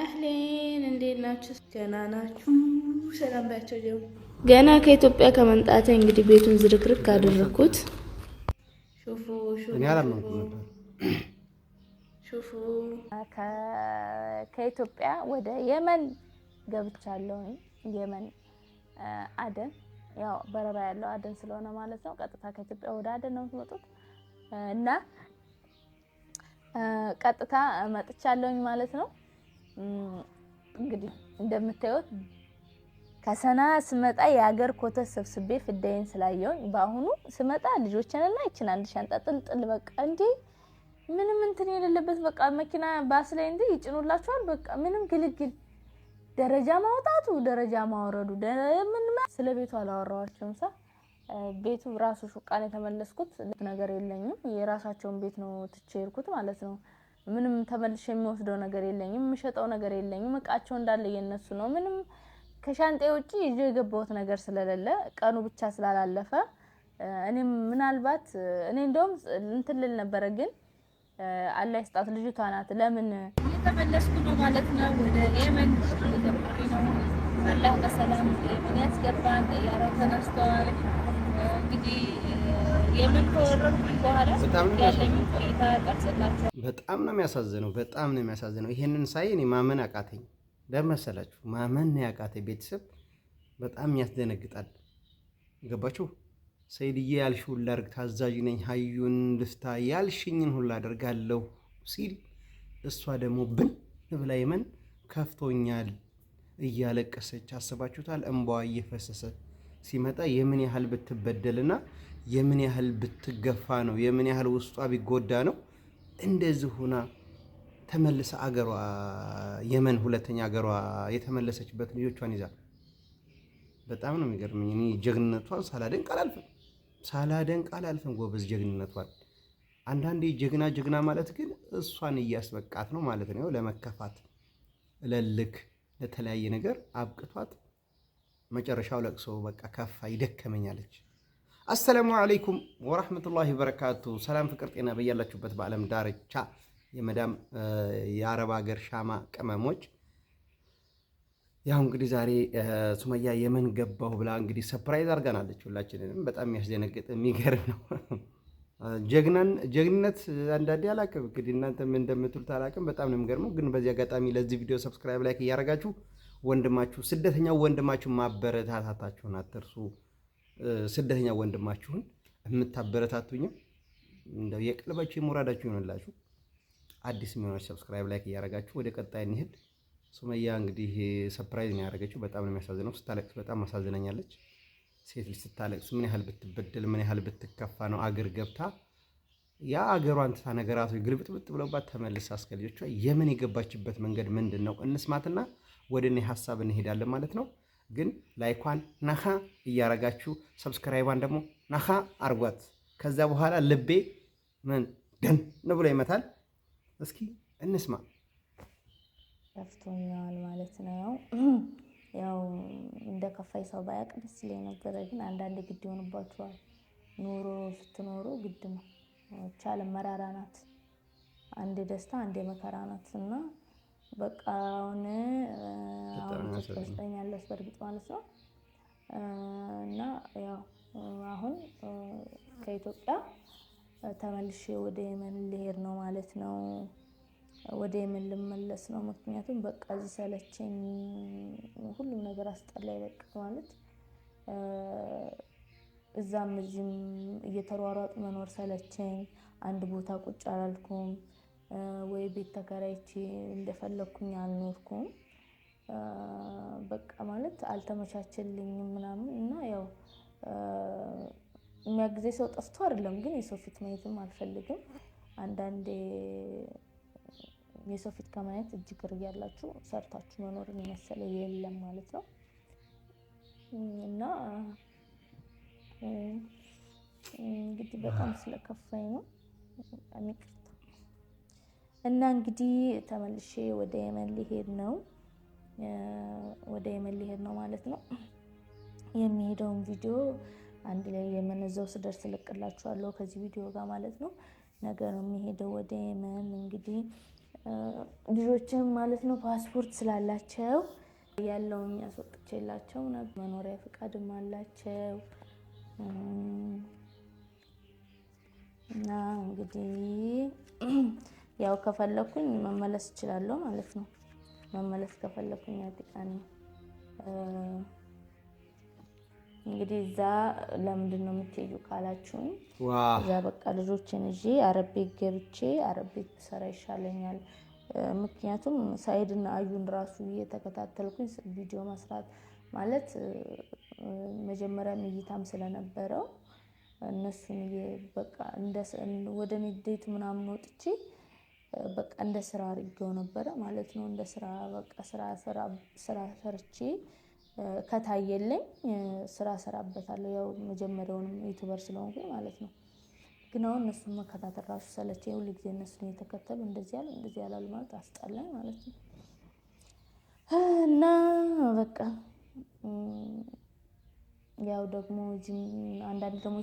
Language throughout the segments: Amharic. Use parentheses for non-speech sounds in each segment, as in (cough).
አህሌን እንዴት ናችሁ? ገና ናችሁ? ሰላም ባቸው ጀሙ። ገና ከኢትዮጵያ ከመምጣቴ እንግዲህ ቤቱን ዝርክርክ አደረኩት። ሹፉ ሹፉ ከኢትዮጵያ ወደ የመን ገብቻለሁ። የመን አደን፣ ያው በረራ ያለው አደን ስለሆነ ማለት ነው። ቀጥታ ከኢትዮጵያ ወደ አደን ነው የምትመጡት እና ቀጥታ መጥቻለሁኝ ማለት ነው። እንግዲህ እንደምታዩት ከሰና ስመጣ የሀገር ኮተት ሰብስቤ ፍዳይን ስላየውኝ በአሁኑ ስመጣ ልጆችንና ይችን አንድ ሻንጣ ጥልጥል በቃ እንዲ ምንም እንትን የሌለበት በቃ መኪና ባስ ላይ እንዲ ይጭኑላችኋል። በቃ ምንም ግልግል ደረጃ ማውጣቱ ደረጃ ማውረዱ ምን ስለ ቤቱ አላወራዋቸውም። ሳ ቤቱ ራሱ ሹቃን የተመለስኩት ነገር የለኝም። የራሳቸውን ቤት ነው ትቼ ሄድኩት ማለት ነው። ምንም ተመልሼ የሚወስደው ነገር የለኝም። የምሸጠው ነገር የለኝም። እቃቸው እንዳለ የነሱ ነው። ምንም ከሻንጤ ውጭ ይዞ የገባሁት ነገር ስለሌለ ቀኑ ብቻ ስላላለፈ እኔም ምናልባት እኔ እንደውም እንትን ልል ነበረ፣ ግን አላህ ይስጣት ልጅቷ ናት። ለምን እየተመለስኩ ነው ማለት ነው ወደ የመን አላህ በሰላም ያስገባን። ያረው ተነስተዋል እንግዲህ በጣም ነው የሚያሳዝነው። በጣም ነው የሚያሳዝነው። ይሄንን ሳይ እኔ ማመን አቃተኝ። ለመሰላችሁ ማመን ነው ያቃተኝ። ቤተሰብ በጣም ያስደነግጣል። ገባችሁ? ሰይድዬ ያልሽውን ላድርግ፣ ታዛዥ ነኝ፣ ሀዩን ልፍታ፣ ያልሽኝን ሁሉ አደርጋለሁ ሲል እሷ ደግሞ ብን ብላ የመን ከፍቶኛል እያለቀሰች አስባችሁታል። እንባዋ እየፈሰሰ ሲመጣ የምን ያህል ብትበደልና የምን ያህል ብትገፋ ነው፣ የምን ያህል ውስጧ ቢጎዳ ነው እንደዚህ ሁና ተመልሰ አገሯ የመን ሁለተኛ አገሯ የተመለሰችበት ልጆቿን ይዛ በጣም ነው የሚገርመኝ። እኔ ጀግንነቷን ሳላደንቅ አላልፍም፣ ሳላደንቅ አላልፍም። ጎበዝ ጀግንነቷን። አንዳንዴ ጀግና ጀግና ማለት ግን እሷን እያስበቃት ነው ማለት ነው። ለመከፋት፣ ለልክ፣ ለተለያየ ነገር አብቅቷት መጨረሻው ለቅሶ በቃ ከፋ ይደከመኛለች። አሰላሙ አለይኩም ወራህመቱላሂ በረካቱ። ሰላም ፍቅር፣ ጤና በያላችሁበት በዓለም ዳርቻ የመዳም የአረብ ሀገር ሻማ ቅመሞች፣ ያው እንግዲህ ዛሬ ሱመያ የመን ገባሁ ብላ እንግዲህ ሰፕራይዝ አድርጋናለች ሁላችንንም። በጣም የሚያስደነግጥ የሚገርም ነው። ጀግናን ጀግንነት አንዳንዴ አላውቅም፣ እንግዲህ እናንተ እንደምትሉት አላውቅም። በጣም ነው የሚገርመው። ግን በዚህ አጋጣሚ ለዚህ ቪዲዮ ሰብስክራይብ፣ ላይክ እያደረጋችሁ ወንድማችሁ ስደተኛው ወንድማችሁ ማበረታታታችሁን አትርሱ። ስደተኛ ወንድማችሁን የምታበረታቱኝም እንደው የቀልባችሁ የሞራዳችሁ ይሆንላችሁ። አዲስ የሚሆናችሁ ሰብስክራይብ፣ ላይክ እያደረጋችሁ ወደ ቀጣይ እንሂድ። ሱመያ እንግዲህ ሰፕራይዝ ነው ያደረገችው። በጣም ነው የሚያሳዝነው። ስታለቅስ በጣም አሳዝናኛለች። ሴት ልጅ ስታለቅስ ምን ያህል ብትበደል ምን ያህል ብትከፋ ነው አገር ገብታ ያ አገሯን ትታ ነገራቶች ግልብጥብጥ ብለውባት ተመልሳ እስከ ልጆቿ የምን የገባችበት መንገድ ምንድን ነው? እንስማትና ወደ እኔ ሀሳብ እንሄዳለን ማለት ነው። ግን ላይኳን ነኻ እያረጋችሁ ሰብስክራይቧን ደግሞ ነኻ አርጓት። ከዛ በኋላ ልቤ ምን ደን ብሎ ይመታል። እስኪ እንስማ። ከፍቶኛል ማለት ነው። ያው እንደ ከፋይ ሰው ባያቅ ደስ ይለኝ ነበረ፣ ግን አንዳንድ ግድ ይሆንባችኋል። ኑሮ ስትኖሩ ግድ ነው። ቻለ መራራ ናት። አንድ ደስታ አንድ መከራ ናት እና በቃ አሁን አሁን ዘጠኛ ድረስ በእርግጥ ማለት ነው እና ያው አሁን ከኢትዮጵያ ተመልሼ ወደ የመን ልሄድ ነው ማለት ነው። ወደ የመን ልመለስ ነው። ምክንያቱም በቃ እዚህ ሰለቸኝ፣ ሁሉም ነገር አስጠላይ። በቃ ማለት እዛም እዚህም እየተሯሯጡ መኖር ሰለቸኝ። አንድ ቦታ ቁጭ አላልኩም ወይ ቤት ተከራይቼ እንደፈለግኩኝ አልኖርኩም። በቃ ማለት አልተመቻቸልኝም ምናምን እና ያው የሚያግዜ ሰው ጠፍቶ አይደለም፣ ግን የሰው ፊት ማየትም አልፈልግም። አንዳንዴ የሰው ፊት ከማየት እጅግ እያላችሁ ሰርታችሁ መኖር የመሰለ የለም ማለት ነው እና እንግዲህ በጣም ስለከፋኝ ነው እና እንግዲህ ተመልሼ ወደ የመን ሊሄድ ነው። ወደ የመን ሊሄድ ነው ማለት ነው። የሚሄደውን ቪዲዮ አንድ ላይ የመን እዛው ስደርስ እለቅላችኋለሁ ከዚህ ቪዲዮ ጋር ማለት ነው። ነገር የሚሄደው ወደ የመን እንግዲህ ልጆችም ማለት ነው ፓስፖርት ስላላቸው ያለውን ያስወጥቼላቸው መኖሪያ ፈቃድም አላቸው እና እንግዲህ ያው ከፈለኩኝ መመለስ እችላለሁ ማለት ነው። መመለስ ከፈለኩኝ አጥቃን እንግዲህ እዛ ለምንድን ነው የምትሄዩ ካላችሁኝ፣ እዛ በቃ ልጆችን ይዤ አረብ ቤት ገብቼ አረብ ቤት ብሰራ ይሻለኛል። ምክንያቱም ሳይድና አዩን ራሱ እየተከታተልኩኝ ቪዲዮ መስራት ማለት መጀመሪያም እይታም ስለነበረው እነሱን በቃ ወደ ንዴት ምናምን ወጥቼ በቃ እንደ ስራ አድርጌው ነበረ ማለት ነው። እንደ ስራ በቃ ስራ ስራ ሰርቼ ከታየልኝ ስራ ሰራበታለሁ። ያው መጀመሪያውንም ዩቱበር ስለሆንኩ ማለት ነው። ግን አሁን እነሱን መከታተል ራሱ ሰለቼ ሁሉ ጊዜ እነሱን የተከተሉ እንደዚህ ያለ እንደዚህ ያላሉ ማለት አስጠላኝ ማለት ነው። እና በቃ ያው ደግሞ አንዳንድ ደግሞ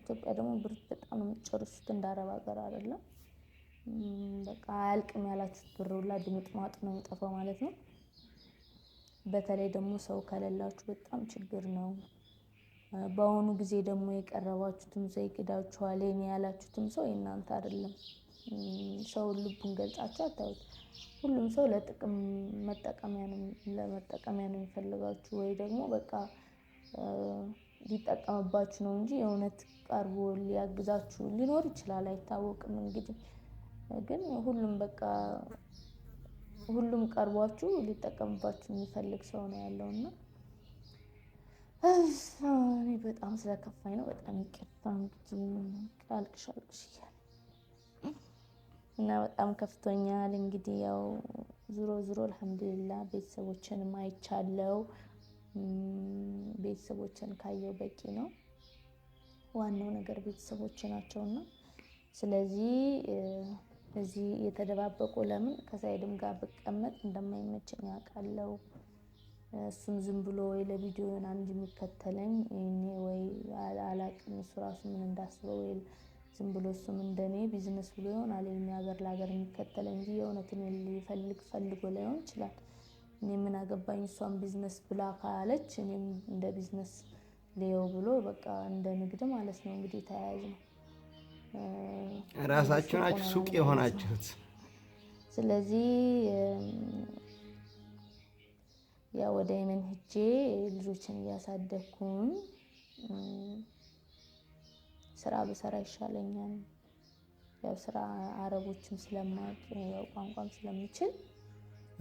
ኢትዮጵያ ደግሞ ብር በጣም ነው የምትጨርሱት፣ እንዳረብ ሀገር አይደለም። በቃ አያልቅም ያላችሁት ብር ሁላ ድምጥማጡ ነው የሚጠፋው ማለት ነው። በተለይ ደግሞ ሰው ከሌላችሁ በጣም ችግር ነው። በአሁኑ ጊዜ ደግሞ የቀረባችሁትም ሰው ይክዳችኋል። የኔ ያላችሁትም ሰው የእናንተ አይደለም። ሰው ልቡን ገልጻችሁ አታዩት። ሁሉም ሰው ለጥቅም መጠቀሚያ ነው ለመጠቀሚያ ነው የሚፈልጋችሁ ወይ ደግሞ በቃ ሊጠቀምባችሁ ነው እንጂ የእውነት ቀርቦ ሊያግዛችሁ ሊኖር ይችላል፣ አይታወቅም እንግዲህ ግን ሁሉም በቃ ሁሉም ቀርቧችሁ ሊጠቀምባችሁ የሚፈልግ ሰው ነው ያለው እና እኔ በጣም ስለከፋኝ ነው። በጣም ይቅርታ አልቅሽ እና በጣም ከፍቶኛል። እንግዲህ ያው ዙሮ ዙሮ አልሐምዱሊላ ቤተሰቦችን አይቻለው። ቤተሰቦችን ካየው በቂ ነው። ዋናው ነገር ቤተሰቦች ናቸውና ስለዚህ እዚህ የተደባበቁ ለምን ከሳይድም ጋር ብቀመጥ እንደማይመቸኝ ያውቃለው። እሱም ዝም ብሎ ወይ ለቪዲዮ ይሆናል እንጂ የሚከተለኝ እኔ ወይ አላቅም። እሱ ራሱ ምን እንዳስበው ወይ ዝም ብሎ እሱም እንደኔ ቢዝነስ ብሎ ይሆናል ሀገር ለሀገር የሚከተለኝ እንጂ የእውነትን ሊፈልግ ፈልጎ ላይሆን ይችላል። እኔ ምን አገባኝ፣ እሷን ቢዝነስ ብላ ካለች እኔም እንደ ቢዝነስ ሌየው ብሎ በቃ እንደ ንግድ ማለት ነው እንግዲህ ተያያዥ ነው። ራሳችሁ ናችሁ ሱቅ የሆናችሁት። ስለዚህ ያ ወደ የመን ህጄ ልጆችን እያሳደግኩኝ ስራ ብሰራ ይሻለኛል። ያው ስራ አረቦችም ስለማውቅ ያው ቋንቋም ስለምችል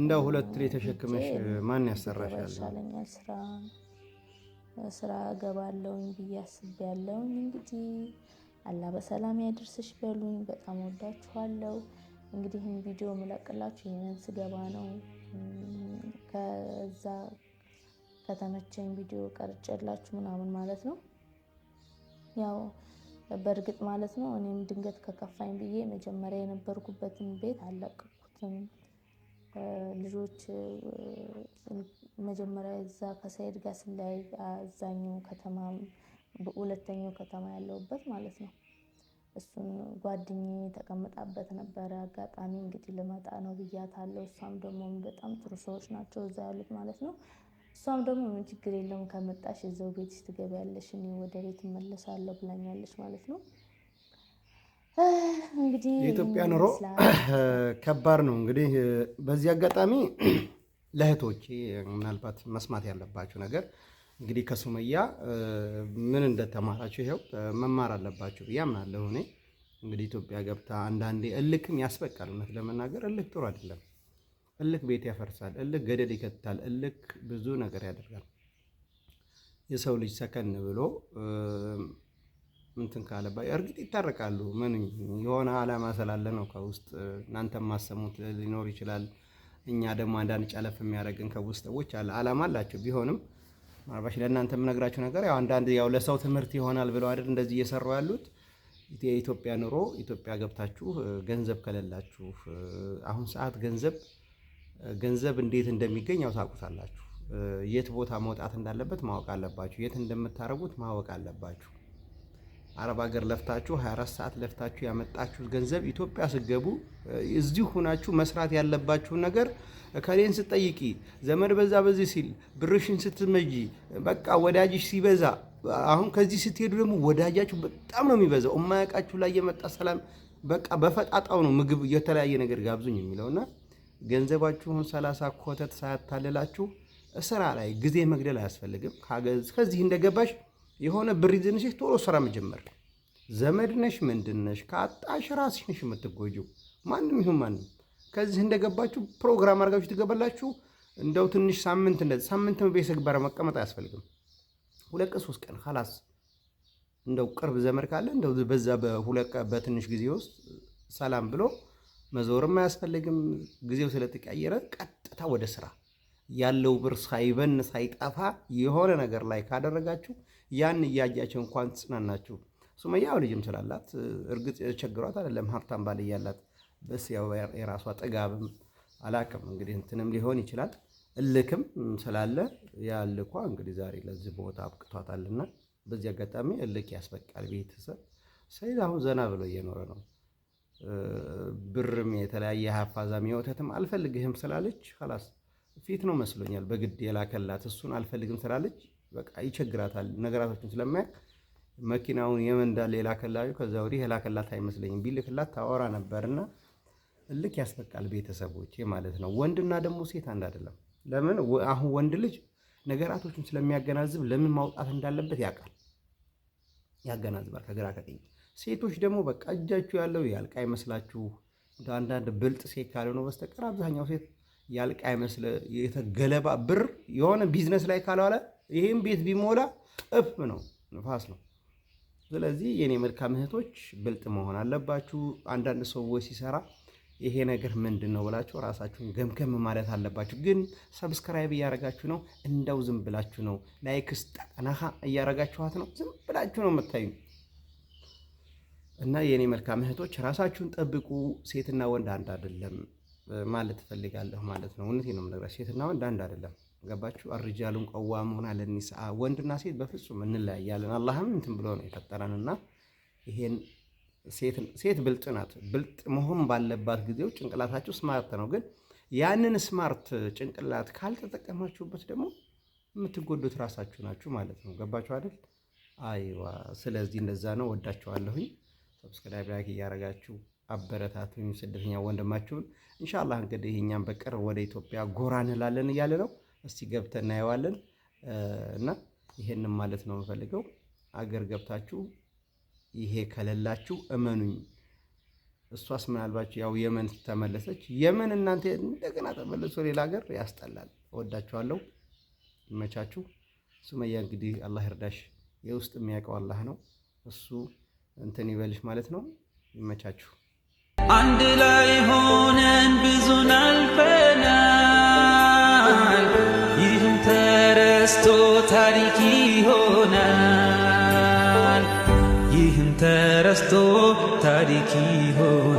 እንደው ሁለት ትሪ ተሸክመሽ ማን ያሰራሻል? ይሻለኛል ስራ ስራ እገባለሁኝ ብዬ አስቤያለሁኝ እንግዲህ አላ በሰላም ያደርስሽ በሉኝ። በጣም ወዳችኋለሁ። እንግዲህ ይህን ቪዲዮ ምለቅላችሁ ይህንን ስገባ ነው። ከዛ ከተመቸኝ ቪዲዮ ቀርጨላችሁ ምናምን ማለት ነው ያው በእርግጥ ማለት ነው እኔም ድንገት ከከፋኝ ብዬ መጀመሪያ የነበርኩበትን ቤት አለቅኩትም። ልጆች መጀመሪያ እዛ ከሰይድ ጋር ስለያይ አዛኙ ከተማ ሁለተኛው ከተማ ያለውበት ማለት ነው። እሱን ጓደኝ ተቀምጣበት ነበረ። አጋጣሚ እንግዲህ ልመጣ ነው ብያታለሁ። እሷም ደግሞ በጣም ጥሩ ሰዎች ናቸው እዛ ያሉት ማለት ነው። እሷም ደግሞ ምን ችግር የለውም ከመጣሽ እዛው ቤትሽ ትገቢያለሽ፣ እኔ ወደ ቤት እመለሳለሁ ብላኛለች ማለት ነው። እንግዲህ የኢትዮጵያ ኑሮ (clears throat) ከባድ ነው። እንግዲህ በዚህ አጋጣሚ (clears throat) ለእህቶቼ ምናልባት መስማት ያለባቸው ነገር እንግዲህ ከሱመያ ምን እንደተማራችሁ ይኸው መማር አለባችሁ ብዬ አምናለሁ። እኔ እንግዲህ ኢትዮጵያ ገብታ አንዳንዴ እልክም ያስበቃል። እውነት ለመናገር እልክ ጥሩ አይደለም። እልክ ቤት ያፈርሳል። እልክ ገደል ይከታል እልክ ብዙ ነገር ያደርጋል። የሰው ልጅ ሰከን ብሎ ምንትን ካለባ እርግጥ ይታረቃሉ። ምን የሆነ አላማ ስላለ ነው። ከውስጥ እናንተ ማሰሙት ሊኖር ይችላል። እኛ ደግሞ አንዳንድ ጨለፍ የሚያደርግን ከውስጥ ሰዎች አለ አላቸው ቢሆንም ምናልባሽ ለእናንተ የምነግራችሁ ነገር ያው አንዳንድ ያው ለሰው ትምህርት ይሆናል ብለው አይደል እንደዚህ እየሰሩ ያሉት። የኢትዮጵያ ኑሮ ኢትዮጵያ ገብታችሁ ገንዘብ ከሌላችሁ አሁን ሰዓት ገንዘብ ገንዘብ እንዴት እንደሚገኝ ያው ታውቁታላችሁ። የት ቦታ መውጣት እንዳለበት ማወቅ አለባችሁ። የት እንደምታደርጉት ማወቅ አለባችሁ። አረብ ሀገር ለፍታችሁ 24 ሰዓት ለፍታችሁ ያመጣችሁ ገንዘብ ኢትዮጵያ ስገቡ እዚህ ሁናችሁ መስራት ያለባችሁን ነገር ከሌን ስጠይቂ ዘመድ በዛ በዚህ ሲል ብርሽን ስትመጂ በቃ ወዳጅሽ ሲበዛ አሁን ከዚህ ስትሄዱ ደግሞ ወዳጃችሁ በጣም ነው የሚበዛው። እማያውቃችሁ ላይ የመጣ ሰላም በቃ በፈጣጣው ነው ምግብ የተለያየ ነገር ጋብዙኝ የሚለውና ገንዘባችሁን ሰላሳ ኮተት ሳያታልላችሁ ስራ ላይ ጊዜ መግደል አያስፈልግም። ከዚህ እንደገባሽ የሆነ ብሪዝን ሲህ ቶሎ ስራ መጀመር ዘመድነሽ ምንድነሽ ከአጣሽ ራስሽ ነሽ የምትጎጂው። ማንም ይሁን ማንም ከዚህ እንደገባችሁ ፕሮግራም አድርጋችሁ ትገባላችሁ። እንደው ትንሽ ሳምንት እንደዚህ ሳምንት ቤተሰብ ጋር መቀመጥ አያስፈልግም። ሁለት ቀን ሶስት ቀን ኸላስ እንደው ቅርብ ዘመድ ካለ እንደው በዛ በሁለት በትንሽ ጊዜ ውስጥ ሰላም ብሎ መዞርም አያስፈልግም። ጊዜው ስለተቀየረ ቀጥታ ወደ ስራ ያለው ብር ሳይበን ሳይጠፋ የሆነ ነገር ላይ ካደረጋችሁ ያን እያያቸው እንኳን ትጽናናችሁ። ሱመያ ያው ልጅም ስላላት እርግጥ ቸግሯት አይደለም፣ ሀብታም ባል እያላት በስ የራሷ ጥጋብም አላቅም እንግዲህ እንትንም ሊሆን ይችላል እልክም ስላለ ያልኳ እንግዲህ ዛሬ ለዚህ ቦታ አብቅቷታልና በዚህ አጋጣሚ እልክ ያስበቃል። ቤተሰብ ሰይድ አሁን ዘና ብሎ እየኖረ ነው። ብርም የተለያየ ሀፋዛም የወተትም አልፈልግህም ስላለች ላስ ፊት ነው መስሎኛል በግድ የላከላት እሱን አልፈልግም ስላለች በቃ ይቸግራታል። ነገራቶችን ስለማያውቅ መኪናውን ሌላ ከላዩ ከዛ ወዲህ የላከላት አይመስለኝም። ቢልክላት ታወራ ነበርና ልክ ያስበቃል። ቤተሰቦች ማለት ነው። ወንድና ደግሞ ሴት አንድ አይደለም። ለምን አሁን ወንድ ልጅ ነገራቶችን ስለሚያገናዝብ ለምን ማውጣት እንዳለበት ያውቃል፣ ያገናዝባል ከግራ ከቀኝ። ሴቶች ደግሞ በቃ እጃችሁ ያለው ያልቃ አይመስላችሁ። አንዳንድ ብልጥ ሴት ካልሆነ በስተቀር አብዛኛው ሴት ያልቃ አይመስል የተገለባ ብር የሆነ ቢዝነስ ላይ ካልዋለ ይህም ቤት ቢሞላ እፍ ነው፣ ንፋስ ነው። ስለዚህ የኔ መልካም እህቶች ብልጥ መሆን አለባችሁ። አንዳንድ ሰዎች ሲሰራ ይሄ ነገር ምንድን ነው ብላችሁ ራሳችሁን ገምገም ማለት አለባችሁ። ግን ሰብስክራይብ እያደረጋችሁ ነው፣ እንደው ዝም ብላችሁ ነው። ላይክስ ጠቀናሃ እያደረጋችኋት ነው፣ ዝም ብላችሁ ነው የምታዩ እና የእኔ መልካም እህቶች ራሳችሁን ጠብቁ። ሴትና ወንድ አንድ አይደለም ማለት ትፈልጋለሁ ማለት ነው። እውነቴን ነው የምነግራችሁ፣ ሴትና ወንድ አንድ አይደለም። ገባችሁ? አርጃሉን ቀዋሙን አለ ኒሳ ወንድና ሴት በፍጹም እንለያያለን። አላህም እንትን ብሎ ነው የፈጠረንና ይሄን ሴት ብልጥ ናት። ብልጥ መሆን ባለባት ጊዜው ጭንቅላታችሁ ስማርት ነው። ግን ያንን ስማርት ጭንቅላት ካልተጠቀማችሁበት ደግሞ የምትጎዱት ራሳችሁ ናችሁ ማለት ነው። ገባችሁ አይደል? አይዋ። ስለዚህ እንደዛ ነው። ወዳችኋለሁኝ። ሰብስክራይብ ላይክ እያደረጋችሁ አበረታቱኝ። ስደተኛ ወንድማችሁን ኢንሻአላህ እንግዲህ እኛም በቅርብ ወደ ኢትዮጵያ ጎራ እንላለን እያለ ነው። እስቲ ገብተን እናየዋለን እና ይሄንን ማለት ነው የምፈልገው። አገር ገብታችሁ ይሄ ከሌላችሁ እመኑኝ። እሷስ ምናልባት ያው የመን ተመለሰች። የመን እናንተ እንደገና ተመልሶ ሌላ ሀገር ያስጠላል። እወዳችኋለሁ። ይመቻችሁ። ሱመያ እንግዲህ አላህ ይርዳሽ የውስጥ የሚያውቀው አላህ ነው። እሱ እንትን ይበልሽ ማለት ነው። ይመቻችሁ። አንድ ላይ ሆነን ብዙን አልፈናል። ተረስቶ ታሪክ ይሆናል። ይህም ተረስቶ ታሪክ ይሆናል።